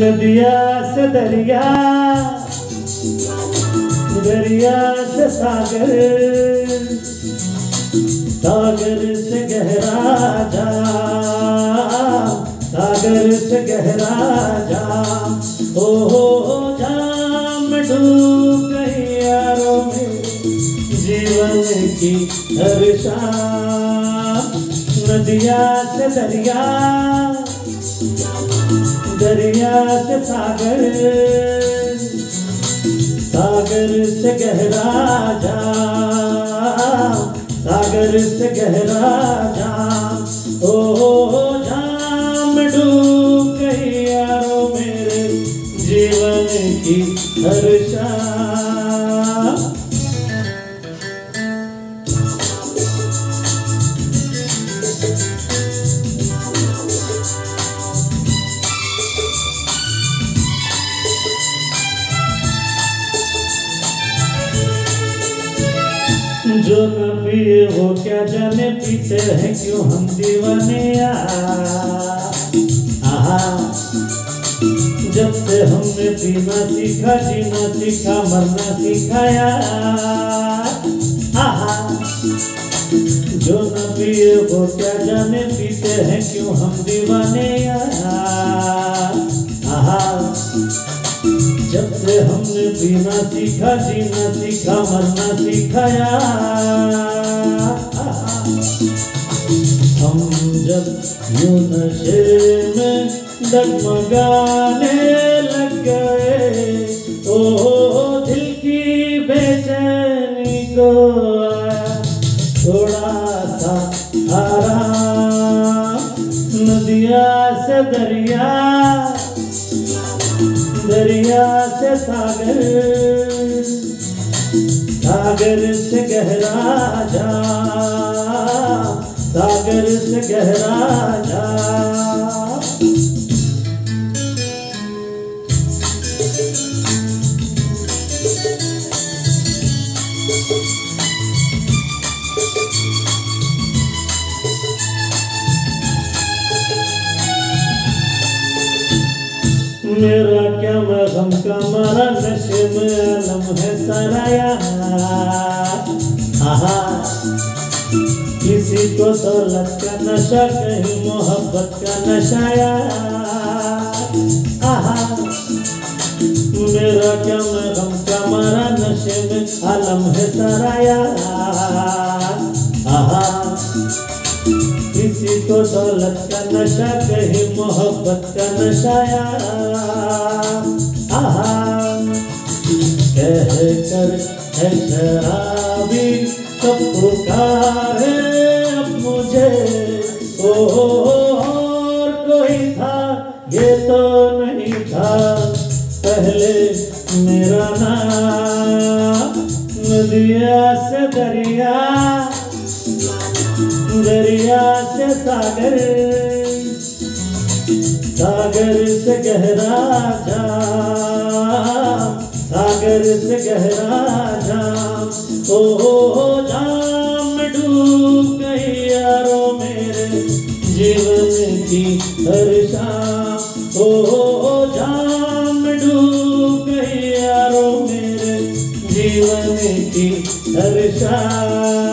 नदिया से दरिया दरिया से सागर सागर से गहरा जा सागर से गहरा जा ओ हो जाम डूब गई यारों में जीवन की हर शाम नदिया से दरिया दरिया से सागर सागर से गहरा जा सागर से गहरा जा ओ जाम डूब गई यारो मेरे जीवन की हर शाम जो न पिए हो क्या जाने पीते हैं क्यों हम दीवाने आहा जब से हमने पीना सीखा जीना सीखा मरना सिखाया आहा जो न पिए हो क्या जाने पीते हैं क्यों हम दीवाने आहा जब से हमने पीना सीखा जीना सीखा मरना सिखाया हम जब यू नशे में डगमगाने लग गए ओ दिल की बेचैनी को थोड़ा सा आराम नदिया से दरिया दरिया से सागर सागर से गहरा जा सागर से गहरा जा मेरा क्या मरहम का मारा नशे में आलम है सराया आहा किसी को दौलत तो का नशा कहीं मोहब्बत का नशाया आहा मेरा क्या मरहम का मारा नशे में आलम है सराया किसी को दौलत का नशा कहीं मोहब्बत का नशा आहा कह कर है शराबी अब मुझे ओ और कोई था ये तो नहीं था पहले मेरा नाम नदिया से दरिया दरिया से सागर सागर से गहरा जा सागर से गहरा जा ओ हो जाम डूब गई यारो मेरे जीवन की हर शाम ओ हो जाम डूब गई यारो मेरे जीवन की हर शाम